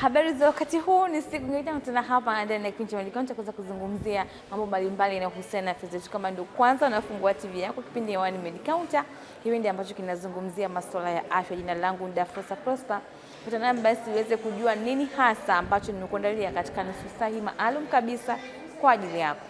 Habari za wakati huu, ni siku nyingine tena hapa ndani ya kipindi cha Majikonyo kuweza kuzungumzia mambo mbalimbali yanayohusiana na afya zetu. Kama ndio kwanza unafungua TV yako, kipindi ya One Med Counter, kipindi ambacho kinazungumzia masuala ya afya. Jina langu ni Dafrosa Prosper, utanami basi uweze kujua nini hasa ambacho nimekuandalia katika nusu saa hii maalum kabisa kwa ajili yako.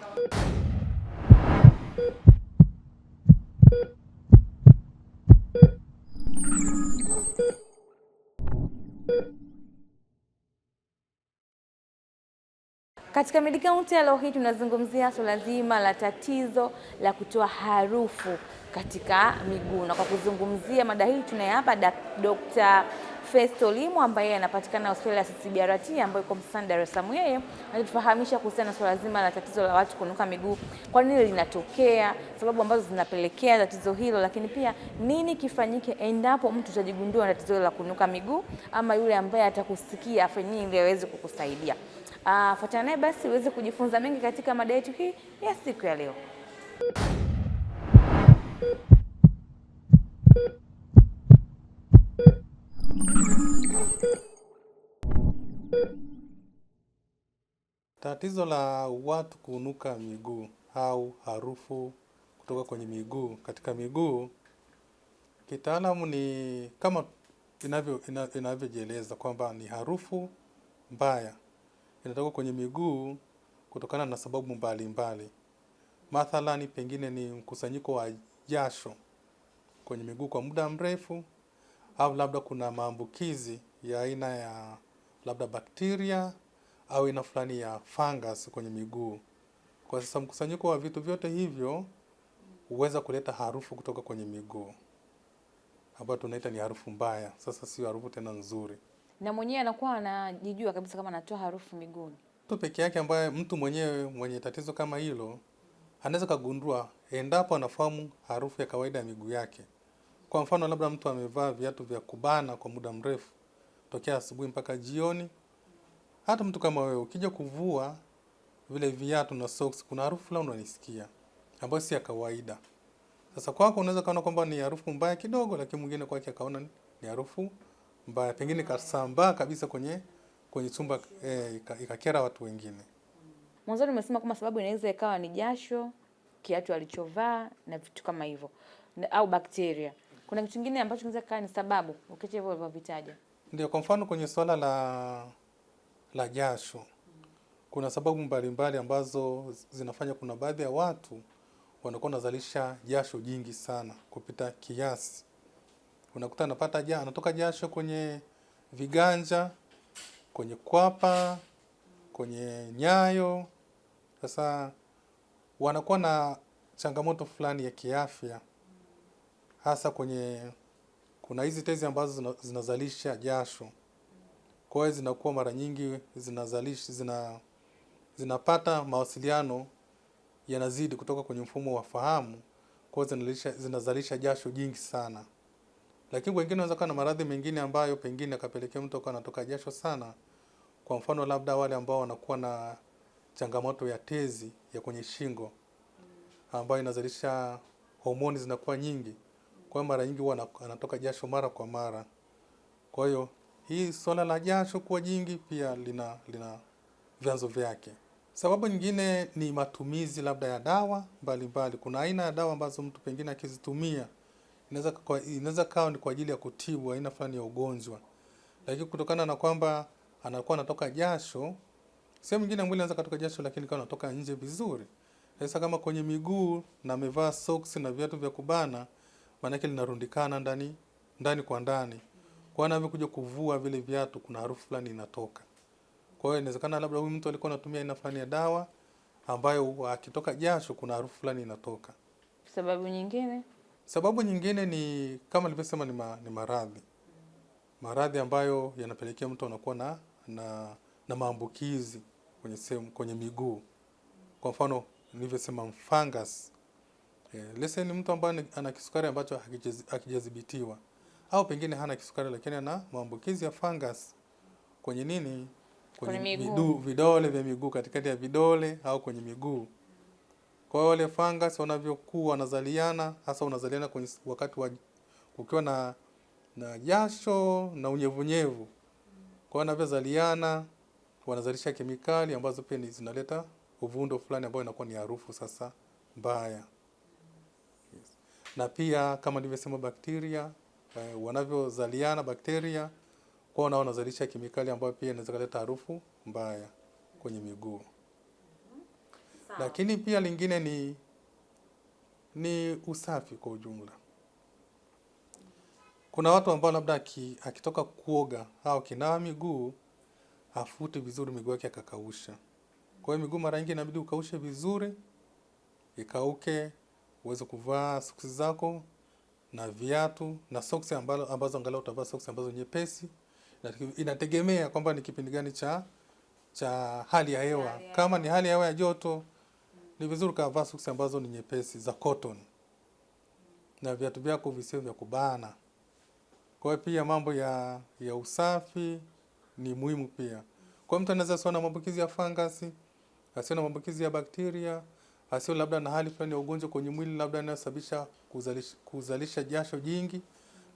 Katika Midi ya leo hii tunazungumzia suala zima la tatizo la kutoa harufu katika miguu, na kwa kuzungumzia mada hii tunaye hapa Dr. Festo Limo ambaye anapatikana hospitali ya CCBRT ambayo iko Msasani, Dar es Salaam. Yeye alitufahamisha kuhusiana na suala zima la tatizo la watu kunuka miguu, kwa nini linatokea, sababu ambazo zinapelekea tatizo hilo, lakini pia nini kifanyike endapo mtu utajigundua na tatizo la kunuka miguu, ama yule ambaye atakusikia afanye ili aweze kukusaidia. Uh, fuatana naye basi uweze kujifunza mengi katika mada yetu hii ya siku ya leo. Tatizo la watu kuunuka miguu au harufu kutoka kwenye miguu katika miguu kitaalamu ni kama inavyojieleza kwamba ni harufu mbaya inatoka kwenye miguu kutokana na sababu mbalimbali. Mathalani, pengine ni mkusanyiko wa jasho kwenye miguu kwa muda mrefu, au labda kuna maambukizi ya aina ya labda bakteria au aina fulani ya fungus kwenye miguu. Kwa sasa mkusanyiko wa vitu vyote hivyo huweza kuleta harufu kutoka kwenye miguu ambayo tunaita ni harufu mbaya. Sasa sio harufu tena nzuri na mwenyewe anakuwa anajijua kabisa kama anatoa harufu miguuni. tu peke yake ambaye mtu mwenyewe mwenye tatizo kama hilo anaweza kagundua endapo anafahamu harufu ya kawaida ya miguu yake. Kwa mfano, labda mtu amevaa viatu vya kubana kwa muda mrefu tokea asubuhi mpaka jioni. Hata mtu kama wewe ukija kuvua vile viatu na socks, kuna harufu fulani unanisikia ambayo si ya kawaida. Sasa kwako unaweza kaona kwamba ni harufu mbaya kidogo, lakini mwingine kwake akaona ni harufu mbaya, pengine kasambaa kabisa kwenye kwenye chumba e, ikakera watu wengine. Mwanzoni umesema kama sababu inaweza ikawa ni jasho, kiatu alichovaa na vitu kama hivyo au bakteria. Kuna kitu kingine ambacho kinaweza kuwa ni sababu ukiacha hivyo ulivyovitaja? Ndio, kwa mfano kwenye swala la la jasho kuna sababu mbalimbali mbali ambazo zinafanya kuna baadhi ya watu wanakuwa wanazalisha jasho jingi sana kupita kiasi unakuta anapata ja, anatoka jasho kwenye viganja, kwenye kwapa, kwenye nyayo. Sasa wanakuwa na changamoto fulani ya kiafya, hasa kwenye kuna hizi tezi ambazo zinazalisha jasho, kwa hiyo zinakuwa mara nyingi zinazalisha zina zinapata mawasiliano yanazidi kutoka kwenye mfumo wa fahamu, kwa hiyo zinazalisha, zinazalisha jasho jingi sana. Lakini wengine wanaweza kuwa na maradhi mengine ambayo pengine akapelekea mtu akawa anatoka jasho sana. Kwa mfano labda wale ambao wanakuwa na changamoto ya tezi ya kwenye shingo ambayo inazalisha homoni zinakuwa nyingi, kwa mara nyingi huwa anatoka jasho mara kwa mara. Kwa hiyo hii swala la jasho kuwa jingi pia lina lina vyanzo vyake. Sababu nyingine ni matumizi labda ya dawa mbalimbali. mbali. Kuna aina ya dawa ambazo mtu pengine akizitumia inaweza kawa ni kwa ajili ya kutibu aina fulani ya ugonjwa, lakini kutokana na kwamba anakuwa anatoka jasho sehemu nyingine mwili anaweza katoka jasho, lakini kama anatoka nje vizuri. Sasa kama kwenye miguu na amevaa socks na viatu vya kubana, maanake linarundikana ndani ndani kwa ndani, kwa anavyokuja kuvua vile viatu, kuna harufu fulani inatoka. Kwa hiyo inawezekana labda huyu mtu alikuwa anatumia aina fulani ya dawa ambayo akitoka jasho kuna harufu fulani inatoka. Sababu nyingine Sababu nyingine ni kama nilivyosema, ni, ma, ni maradhi maradhi ambayo yanapelekea mtu anakuwa na, na, na maambukizi kwenye sehemu, kwenye miguu. Kwa mfano nilivyosema fungus eh, lese ni mtu ambaye ana kisukari ambacho hakijadhibitiwa au pengine hana kisukari lakini ana maambukizi ya fungus kwenye nini, kwenye, kwenye miguu, vidole vya miguu, katikati ya vidole au kwenye miguu kwa hiyo wale fungus wanavyokuwa wanazaliana, hasa wanazaliana kwenye wakati wa kukiwa na na jasho na unyevunyevu. Kwa wanavyozaliana wanazalisha kemikali ambazo pia zinaleta uvundo fulani ambao inakuwa ni harufu sasa mbaya. Yes. Na pia kama nilivyosema bakteria eh, wanavyozaliana bakteria kwa nao wanazalisha kemikali ambayo pia inaweza kuleta harufu mbaya kwenye miguu. Lakini pia lingine ni ni usafi kwa ujumla. Kuna watu ambao labda akitoka kuoga au kinawa miguu afute vizuri miguu yake akakausha. Kwa hiyo miguu mara nyingi inabidi ukaushe vizuri, ikauke, uweze kuvaa soksi zako na viatu na soksi ambazo, ambazo angalau utavaa soksi ambazo nyepesi. Inategemea kwamba ni kipindi gani cha cha hali ya hewa. Kama ni hali ya hewa ya joto, ni vizuri ukavaa soksi ambazo ni nyepesi za cotton na viatu vyako visio vya kubana. Kwa hiyo pia mambo ya, ya usafi ni muhimu pia. Kwa mtu anaweza sio na maambukizi ya fangasi, asio na maambukizi ya bakteria, asio labda na hali fulani ya ugonjwa kwenye mwili labda inayosababisha kuzalisha, kuzalisha jasho jingi,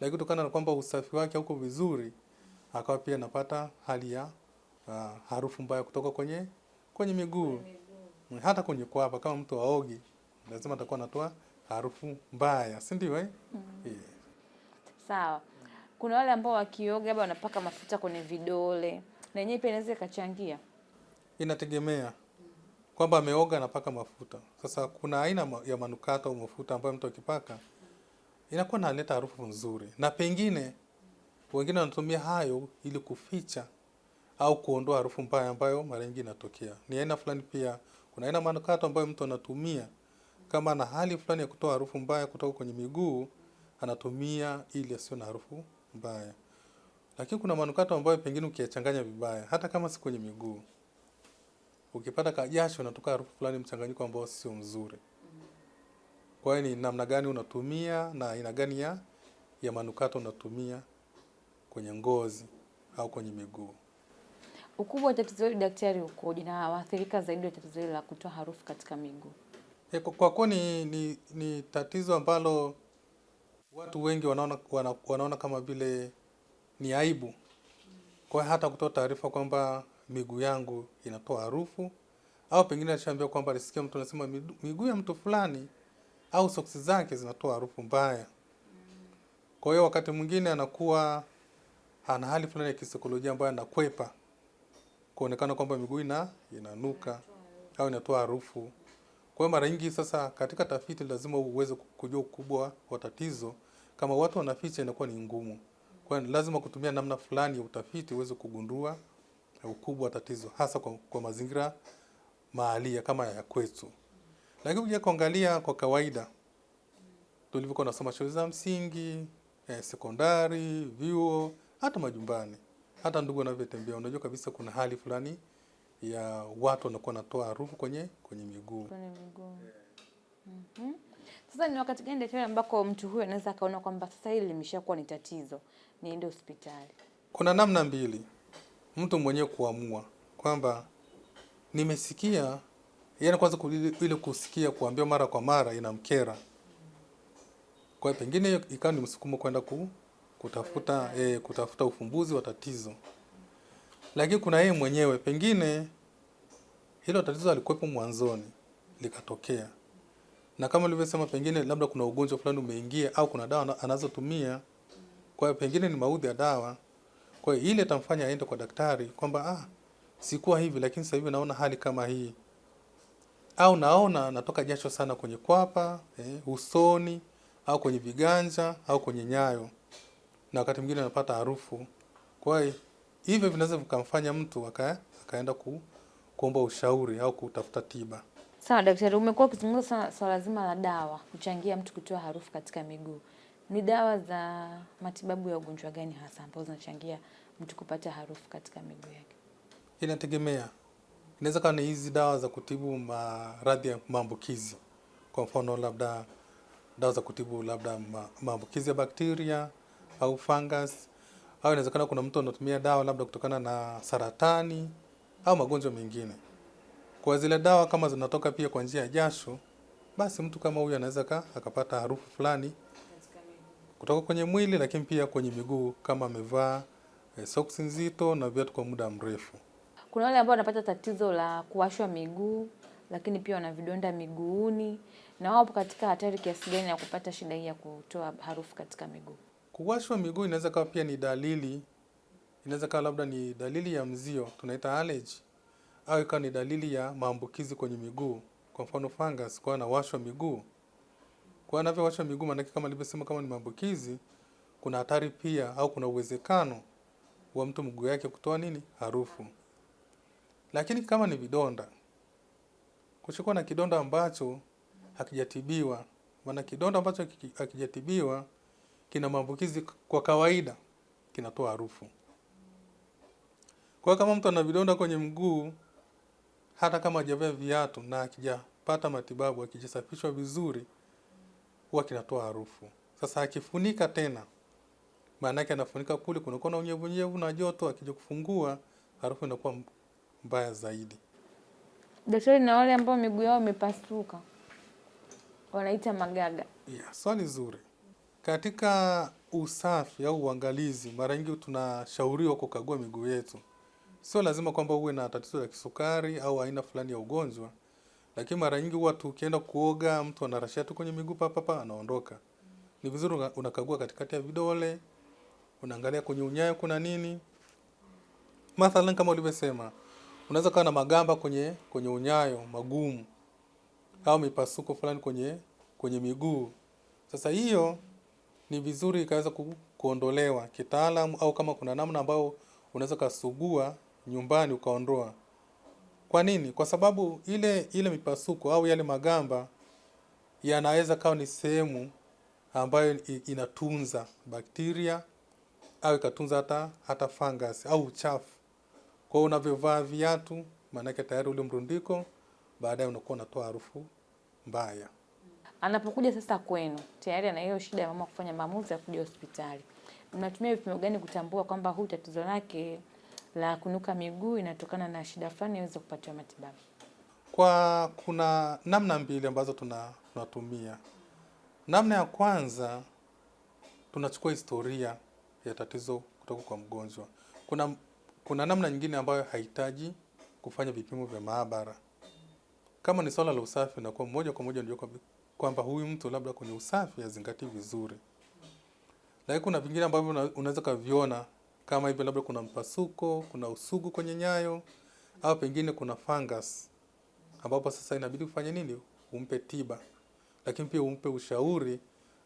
lakini kutokana na kwamba usafi wake uko vizuri akawa pia anapata hali ya uh, harufu mbaya kutoka kwenye kwenye miguu hata kwenye kwapa, kama mtu aogi lazima atakuwa anatoa harufu mbaya, si ndio eh? mm -hmm. yeah. Sawa, kuna wale ambao wakioga labda wanapaka mafuta kwenye vidole, na yenyewe pia inaweza ikachangia. Inategemea kwamba ameoga anapaka mafuta. Sasa kuna aina ya manukato au mafuta ambayo mtu akipaka inakuwa naleta harufu nzuri, na pengine wengine wanatumia hayo ili kuficha au kuondoa harufu mbaya ambayo mara nyingi inatokea. Ni aina fulani pia kuna aina manukato ambayo mtu anatumia kama ana hali fulani ya kutoa harufu mbaya kutoka kwenye miguu, anatumia ili asiwe na harufu mbaya. Lakini kuna manukato ambayo pengine ukiyachanganya vibaya, hata kama si kwenye miguu, ukipata kajasho unatoka harufu fulani mchanganyiko ambao sio mzuri. Kwa hiyo ni namna gani unatumia na aina gani ya ya manukato unatumia kwenye ngozi au kwenye miguu. Ukubwa wa tatizo hili daktari ukoje, na waathirika zaidi wa tatizo hili la kutoa harufu katika miguu? E, kwa kuwa ni, ni, ni tatizo ambalo watu wengi wanaona, wanaona, wanaona kama vile ni aibu, kwa hata kutoa taarifa kwamba miguu yangu inatoa harufu, au pengine alishaambia kwamba alisikia mtu anasema miguu ya mtu fulani au soksi zake zinatoa harufu mbaya. Kwa hiyo wakati mwingine anakuwa ana hali fulani ya kisaikolojia ambayo anakwepa kuonekana kwamba miguu ina inanuka au inatoa harufu. Kwa hiyo mara nyingi sasa, katika tafiti lazima uweze kujua ukubwa wa tatizo. Kama watu wanaficha, inakuwa ni ngumu. Kwa hiyo lazima kutumia namna fulani ya utafiti uweze kugundua ukubwa wa tatizo, hasa kwa, kwa mazingira mahalia kama ya kwetu. Lakini ukija kuangalia kwa kawaida tulivyokuwa nasoma shule za msingi eh, sekondari, vyuo, hata majumbani hata ndugu wanavyotembea, unajua kabisa kuna hali fulani ya watu wanakuwa natoa harufu kwenye kwenye miguu kwenye miguu. Mm -hmm. Sasa ni wakati gani daktari ambako mtu huyo anaweza akaona kwamba sasa hili limeshakuwa ni tatizo, niende hospitali? Kuna namna mbili, mtu mwenyewe kuamua kwamba nimesikia, yaani kwanza ile kusikia kuambiwa mara kwa mara inamkera, kwa hiyo pengine ikawa ni msukumo kwenda ku kutafuta e, kutafuta ufumbuzi wa tatizo, lakini kuna yeye mwenyewe, pengine hilo tatizo alikuwepo mwanzoni likatokea, na kama nilivyosema, pengine labda kuna ugonjwa fulani umeingia au kuna dawa anazotumia, kwa hiyo pengine ni maudhi ya dawa. Kwa hiyo ile itamfanya aende kwa daktari kwamba ah, sikuwa hivi, lakini sasa hivi naona hali kama hii, au naona natoka jasho sana kwenye kwapa eh, usoni au kwenye viganja au kwenye nyayo na wakati mwingine anapata harufu. Kwa hiyo hivyo vinaweza vikamfanya mtu akaenda ku, kuomba ushauri au kutafuta tiba. Sawa daktari, umekuwa ukizungumza sana swala zima la dawa kuchangia mtu kutoa harufu katika miguu. Ni dawa za matibabu ya ugonjwa gani hasa ambazo zinachangia mtu kupata harufu katika miguu yake? Inategemea, inaweza kuwa ni hizi dawa za kutibu maradhi ya maambukizi, kwa mfano labda dawa za kutibu labda maambukizi ya bakteria au fungus au inawezekana kuna mtu anatumia dawa labda kutokana na saratani au magonjwa mengine. Kwa zile dawa kama zinatoka pia kwa njia ya jasho, basi mtu kama huyu anaweza akapata harufu fulani kutoka kwenye mwili, lakini pia kwenye miguu kama amevaa eh, soksi nzito na viatu kwa muda mrefu. Kuna wale ambao wanapata tatizo la kuwashwa miguu, lakini pia wana vidonda miguuni, na wapo katika hatari kiasi gani ya kupata shida hii ya kutoa harufu katika miguu? Kuwashwa miguu inaweza kawa pia ni dalili, inaweza kawa labda ni dalili ya mzio tunaita allergy, au ikawa ni dalili ya maambukizi kwenye miguu, kwa mfano fungus, kwa anawashwa miguu kwa anavyowashwa miguu, maanake kama nilivyosema, kama ni maambukizi, kuna hatari pia au kuna uwezekano wa mtu mguu yake kutoa nini harufu. Lakini kama ni vidonda, kuchukua na kidonda ambacho hakijatibiwa, maana kidonda ambacho hakijatibiwa kina maambukizi kwa kawaida kinatoa harufu. Kwa kama mtu ana vidonda kwenye mguu, hata kama hajavaa viatu na akijapata matibabu, akijisafishwa vizuri, huwa kinatoa harufu. Sasa akifunika tena, maana yake anafunika kule, kunakuwa na unyevunyevu na joto, akija kufungua harufu inakuwa mbaya zaidi. Daktari, na wale ambao miguu yao imepasuka wanaita magaga? Yeah, swali zuri. Katika usafi au uangalizi, mara nyingi tunashauriwa kukagua miguu yetu. Sio lazima kwamba uwe na tatizo la kisukari au aina fulani ya ugonjwa, lakini mara nyingi huwa tukienda kuoga, mtu anarashia tu kwenye miguu papapa, anaondoka. Ni vizuri unakagua katikati ya vidole, unaangalia kwenye unyayo kuna nini. Mathalan, kama ulivyosema, unaweza kuwa na magamba kwenye kwenye unyayo magumu au mipasuko fulani kwenye kwenye miguu. Sasa hiyo ni vizuri ikaweza ku, kuondolewa kitaalamu, au kama kuna namna ambayo unaweza ukasugua nyumbani ukaondoa. Kwa nini? Kwa sababu ile ile mipasuko au yale magamba yanaweza kawa ni sehemu ambayo inatunza bakteria au ikatunza hata hata fungus au uchafu. Kwa hiyo unavyovaa viatu, maanake tayari ule mrundiko, baadaye unakuwa unatoa harufu mbaya. Anapokuja sasa kwenu, tayari ana hiyo shida ya mama kufanya maamuzi ya kuja hospitali, mnatumia vipimo gani kutambua kwamba huyu tatizo lake la kunuka miguu inatokana na shida fulani aweze kupatiwa matibabu? Kwa kuna namna mbili ambazo tunatumia. Namna ya kwanza tunachukua historia ya tatizo kutoka kwa mgonjwa. Kuna, kuna namna nyingine ambayo hahitaji kufanya vipimo vya maabara. Kama ni swala la usafi, unakuwa moja kwa moja ndio kwamba huyu mtu labda kwenye usafi azingatii vizuri, lakini kuna vingine ambavyo unaweza ukaviona kama hivyo, labda kuna mpasuko, kuna usugu kwenye nyayo au pengine kuna fungus, ambapo sasa inabidi ufanye nini? Umpe tiba, lakini pia umpe ushauri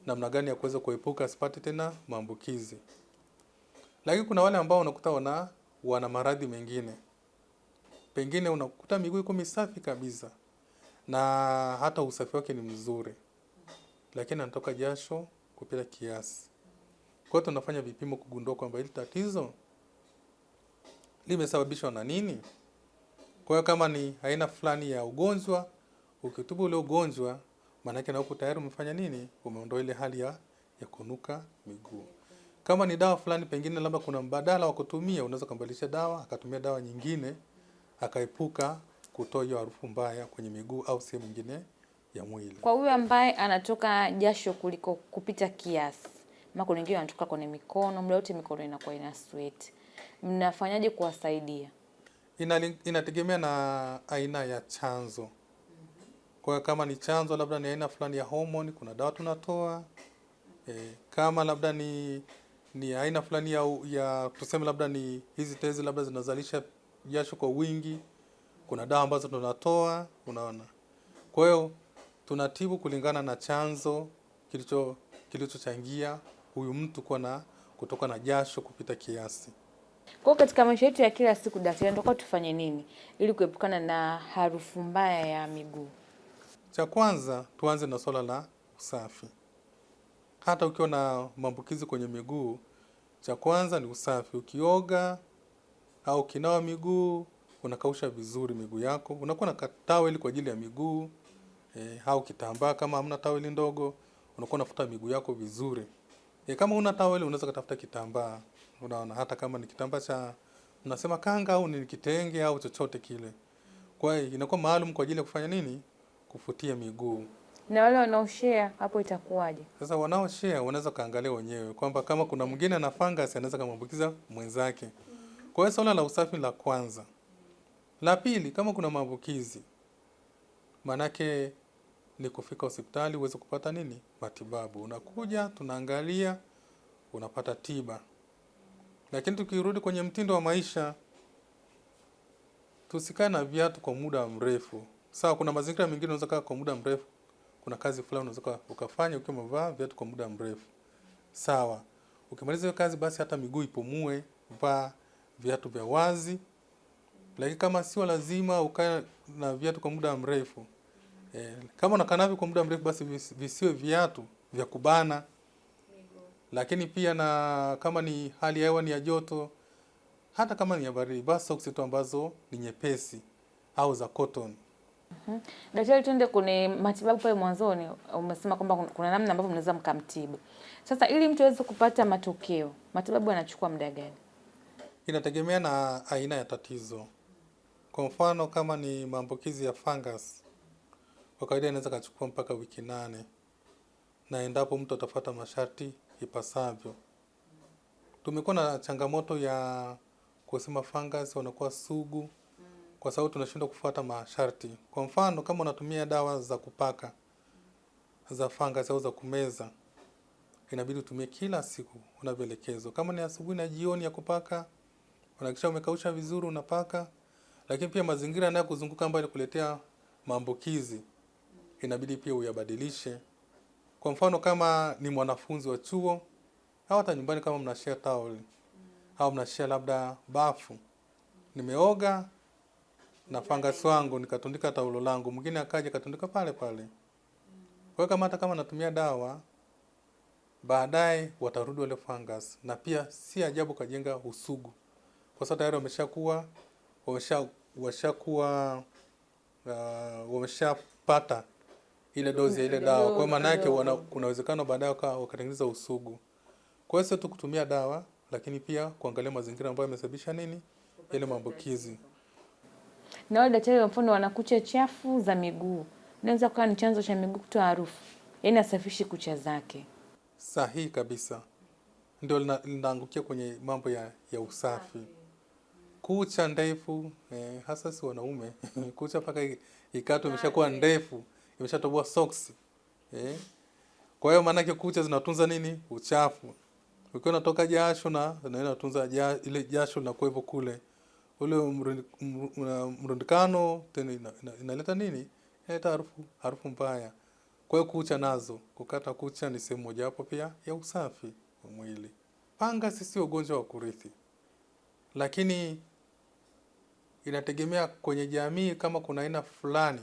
namna gani ya kuweza kuepuka asipate tena maambukizi. Lakini kuna wale ambao unakuta wana wana maradhi mengine, pengine unakuta miguu iko misafi kabisa na hata usafi wake ni mzuri, lakini anatoka jasho kupita kiasi. Kwa hiyo tunafanya vipimo kugundua kwamba hili tatizo limesababishwa na nini. Kwa hiyo kama ni aina fulani ya ugonjwa, ukitubu ule ugonjwa, maana yake na huko tayari umefanya nini, umeondoa ile hali ya, ya kunuka miguu. Kama ni dawa fulani, pengine labda kuna mbadala wa kutumia, unaweza kumbadilisha dawa, akatumia dawa nyingine, akaepuka kutoa hiyo harufu mbaya kwenye miguu au sehemu nyingine ya mwili. Kwa huyo ambaye anatoka jasho kuliko kupita kiasi, ama kuna wengine wanatoka kwenye mikono, muda wote mikono inakuwa ina sweat, mnafanyaje kuwasaidia? inategemea na aina ya chanzo. Kwa kama ni chanzo labda ni aina fulani ya homoni, kuna dawa tunatoa e, kama labda ni ni aina fulani ya, ya tuseme labda ni hizi tezi labda zinazalisha jasho kwa wingi kuna dawa ambazo tunatoa, unaona. Kwa hiyo tunatibu kulingana na chanzo kilicho kilichochangia huyu mtu kuwa na kutoka na jasho kupita kiasi. Kwa katika maisha yetu ya kila siku, daktari, ndio tufanye nini ili kuepukana na harufu mbaya ya miguu? Cha kwanza tuanze na swala la usafi. Hata ukiwa na maambukizi kwenye miguu, cha kwanza ni usafi. Ukioga au ukinawa miguu unakausha vizuri miguu yako, unakuwa na taweli kwa ajili ya miguu e, au kitambaa kama hamna taweli ndogo, unakuwa unafuta miguu yako vizuri e, kama una taweli unaweza kutafuta kitambaa, unaona, hata kama ni kitambaa cha unasema kanga au ni kitenge au chochote kile. Kwa hiyo inakuwa maalum kwa ajili ya kufanya nini? Kufutia miguu. Na wale wanaoshare hapo itakuwaje? Sasa wanaoshare wanaweza kaangalia wenyewe kwamba kama kuna mwingine ana fungus anaweza kumwambukiza mwenzake. Kwa hiyo swala la usafi la kwanza la pili, kama kuna maambukizi, maanake ni kufika hospitali uweze kupata nini, matibabu. Unakuja tunaangalia, unapata tiba. Lakini tukirudi kwenye mtindo wa maisha, tusikae na viatu kwa muda mrefu. Sawa, kuna mazingira mengine unaweza kaa kwa muda mrefu, kuna kazi fulani unaweza ukafanya ukiwa umevaa viatu kwa muda mrefu. Sawa, ukimaliza hiyo kazi, basi hata miguu ipumue, vaa viatu vya wazi. Lakini kama sio lazima ukae na viatu kwa muda mrefu eh, kama unakaa navyo kwa muda mrefu, basi visiwe viatu vya kubana. Lakini pia na kama ni hali ya hewa ni ya joto, hata kama ni ya baridi, basi soksi tu ambazo ni nyepesi au za cotton. Mm -hmm. Daktari, tuende kwenye matibabu. Pale mwanzoni umesema kwamba kuna namna ambavyo mnaweza mkamtibu. Sasa ili mtu aweze kupata matokeo, matibabu yanachukua muda gani? Inategemea na aina ya tatizo. Kwa mfano kama ni maambukizi ya fungus, kwa kawaida inaweza kachukua mpaka wiki nane, na endapo mtu atafuata masharti ipasavyo. Tumekuwa na changamoto ya kusema fungus wanakuwa sugu kwa sababu tunashindwa kufuata masharti. Kwa mfano kama unatumia dawa za kupaka za fungus au za kumeza, inabidi utumie kila siku unavyoelekezwa. Kama ni asubuhi na jioni ya kupaka, unahakikisha umekausha vizuri unapaka lakini pia mazingira yanayokuzunguka ambayo yanakuletea maambukizi inabidi pia uyabadilishe. Kwa mfano kama ni mwanafunzi wa chuo au hata nyumbani, kama mnashare towel au mnashare labda bafu, nimeoga na fangasi wangu nikatundika taulo langu, mwingine akaja katundika pale pale. Kwa hiyo kama hata kama natumia dawa baadaye watarudi wale fungus, na pia si ajabu kajenga usugu, kwa sababu tayari wameshakuwa wamesha washakuwa uh, wameshapata ile dozi ya ile dawa. Kwa hiyo maana yake kuna uwezekano baadaye wakatengeneza usugu. Kwa hiyo sio tu kutumia dawa, lakini pia kuangalia mazingira ambayo yamesababisha nini ile maambukizi. Na wale daktari wa mfano wana kucha chafu za miguu, inaweza kuwa ni chanzo cha miguu kutoa harufu, yaani asafishi kucha zake. Sahihi kabisa, ndio linaangukia kwenye mambo ya, ya usafi kucha ndefu eh, hasa si wanaume kucha mpaka ikatu ah, imeshakuwa ndefu imeshatoboa socks eh. Kwa hiyo maanake kucha zinatunza nini? Uchafu. Ukiwa unatoka jasho na inatunza ja, ile jasho linakuwepo kule, ule mrundikano tena inaleta nini, inaleta harufu harufu mbaya. Kwa hiyo kucha nazo, kukata kucha ni sehemu mojawapo pia ya usafi wa mwili. Panga sisi ugonjwa wa kurithi, lakini inategemea kwenye jamii, kama kuna aina fulani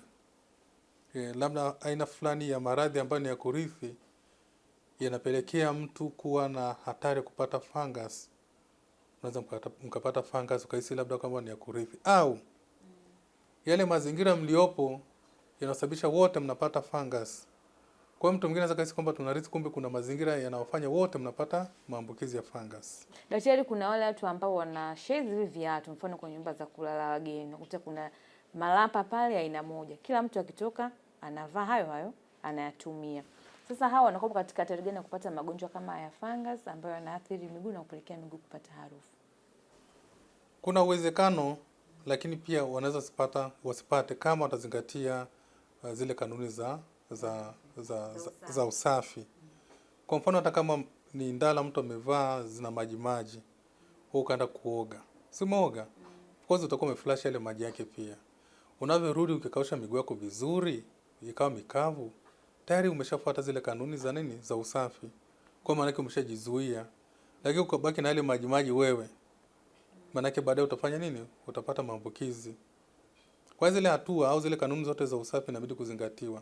e, labda aina fulani ya maradhi ambayo ni ya kurithi yanapelekea mtu kuwa na hatari kupata fungus. Unaweza mkapata fungus ukahisi labda kwamba ni ya kurithi, au yale mazingira mliopo yanasababisha wote mnapata fungus. Kwa hiyo mtu mwingine anaweza kuhisi kwamba tuna riski, kumbe kuna mazingira yanayofanya wote mnapata maambukizi ya fungus. Daktari, kuna wale watu ambao wana shezi hivi viatu, mfano kwenye nyumba za kulala wageni, unakuta kuna malapa pale aina moja, kila mtu akitoka anavaa hayo hayo anayatumia. Sasa hawa wanakuwa katika hatari gani ya kupata magonjwa kama ya fungus ambayo yanaathiri miguu na kupelekea miguu kupata harufu? Kuna uwezekano, lakini pia wanaweza sipata wasipate kama watazingatia uh, zile kanuni za za za, za, za usafi. Kwa mfano hata kama ni ndala mtu amevaa zina maji maji, wewe ukaenda kuoga, simaoga of course utakuwa umeflash yale maji yake pia. Unavyorudi ukikausha miguu yako vizuri, ikawa mikavu, tayari umeshafuata zile kanuni za nini za usafi, kwa maana yake umeshajizuia, lakini ukabaki na yale maji maji wewe, maana yake baadaye utafanya nini? Utapata maambukizi. Kwa zile hatua au zile kanuni zote za usafi inabidi kuzingatiwa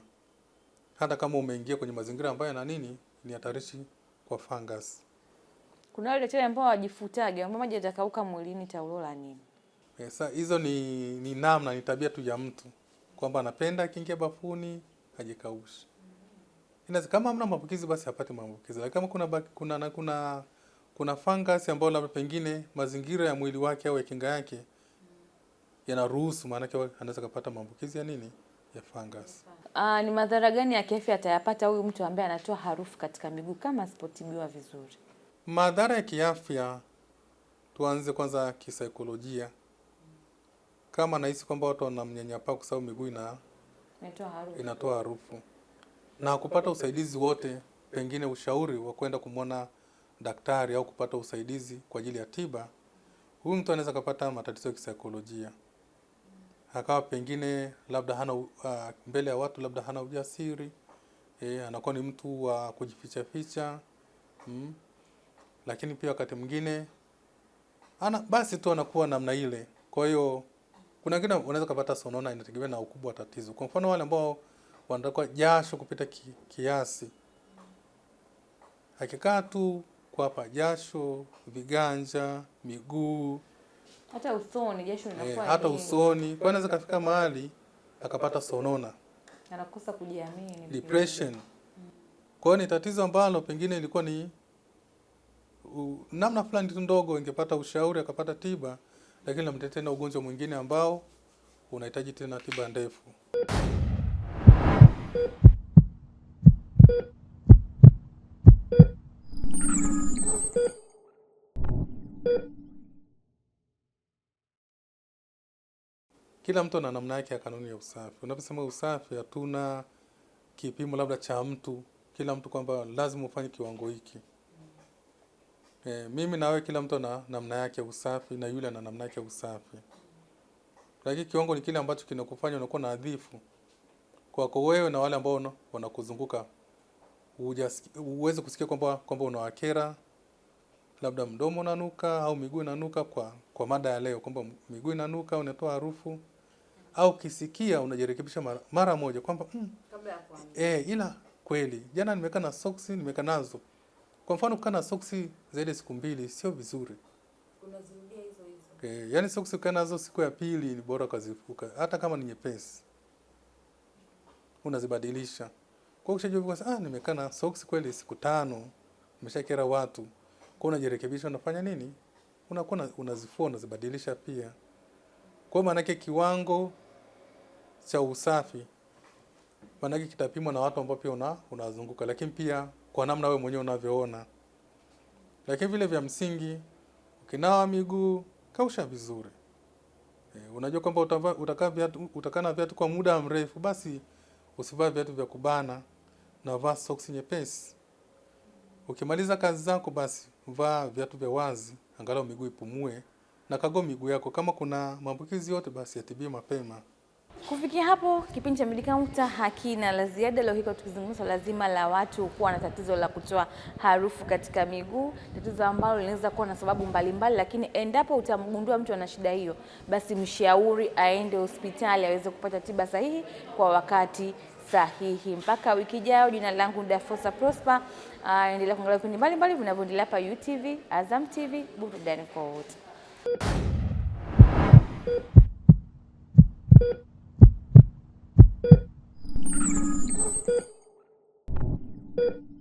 hata kama umeingia kwenye mazingira ambayo na nini, ni hatarishi kwa fungus. Kuna wale daktari ambao wajifutage, ambao maji yatakauka mwilini, taulola nini. Sasa eh, hizo ni, ni namna ni tabia tu ya mtu kwamba anapenda akiingia bafuni ajikaushe. Ina kama hamna maambukizi basi apate maambukizi. Lakini kama kuna kuna na kuna kuna fungus ambayo labda pengine mazingira ya mwili wake au ya kinga yake yanaruhusu, maana yake anaweza kupata maambukizi ya nini? ya fungus. Aa, ah, ni madhara gani ya kiafya atayapata huyu mtu ambaye anatoa harufu katika miguu kama asipotibiwa vizuri? Madhara ya kiafya, tuanze kwanza kisaikolojia. Kama anahisi kwamba watu wanamnyanyapaa kwa sababu miguu ina inatoa harufu na kupata usaidizi wote, pengine ushauri wa kwenda kumwona daktari au kupata usaidizi kwa ajili ya tiba, huyu mtu anaweza akapata matatizo ya kisaikolojia akawa pengine labda hana uh, mbele ya watu labda hana ujasiri e, anakuwa ni mtu wa uh, kujificha ficha mm. Lakini pia wakati mwingine ana basi tu anakuwa namna ile. Kwa hiyo kuna wengine wanaweza kupata sonona, inategemea na ukubwa wa tatizo. Kwa mfano wale ambao wanataka jasho kupita ki, kiasi, akikaa tu kuapa jasho, viganja, miguu hata usoni jasho eh, linakuwa hata usoni, kwa anaweza kafika mahali akapata sonona, anakosa kujiamini, depression. Mm. Kwa hiyo ni tatizo ambalo pengine ilikuwa ni u, namna fulani tu ndogo, ingepata ushauri akapata tiba, lakini namtetea tena ugonjwa mwingine ambao unahitaji tena tiba ndefu. kila mtu ana namna yake ya kanuni ya usafi. Unaposema usafi, hatuna kipimo labda cha mtu kila mtu kwamba lazima ufanye kiwango hiki. E, mimi na wewe kila mtu ana namna yake ya usafi na yule ana namna yake ya usafi, lakini kiwango ni kile ambacho kinakufanya unakuwa nadhifu kwako wewe na wale ambao wanakuzunguka, uweze kusikia kwamba kwamba unawakera labda mdomo unanuka au miguu inanuka, kwa kwa mada ya leo kwamba miguu inanuka, unatoa harufu au kisikia unajirekebisha mara, mara moja kwamba mm, e, ila kweli jana nimekaa na soksi nimekaa nazo. Kwa mfano kukaa na soksi zaidi siku mbili sio vizuri. Unazirudia hizo hizo. E, eh, yani soksi ukaa nazo siku ya pili ni bora ukazifuka hata kama ni nyepesi. Unazibadilisha. Kwa hiyo ukishajua ah, nimekaa na soksi kweli siku tano nimeshakera watu. Kwa unajirekebisha unafanya nini? Unakuwa unazifua unazibadilisha pia. Kwa maana yake kiwango cha usafi, maanake kitapimwa na watu ambao pia una, unazunguka, lakini pia kwa namna wewe mwenyewe unavyoona. Lakini vile vya msingi, ukinawa miguu kausha vizuri. E, unajua kwamba utakaa viatu utakana viatu kwa muda mrefu, basi usivaa viatu vya kubana na vaa socks nyepesi. Ukimaliza kazi zako, basi vaa viatu vya wazi, angalau miguu ipumue na kagua miguu yako. Kama kuna maambukizi yote, basi yatibie mapema. Kufikia hapo kipindi cha Medi Counter hakina la ziada. Leo hiko tukizungumza lazima la watu kuwa na tatizo la kutoa harufu katika miguu, tatizo ambalo linaweza kuwa na sababu mbalimbali mbali, lakini endapo utamgundua mtu ana shida hiyo, basi mshauri aende hospitali aweze kupata tiba sahihi kwa wakati sahihi. Mpaka wiki ijayo, jina langu Dafosa Prosper. Ah, endelea kuangalia vipindi mbalimbali vinavyoendelea hapa UTV, Azam TV, burudani kwa wote. えっ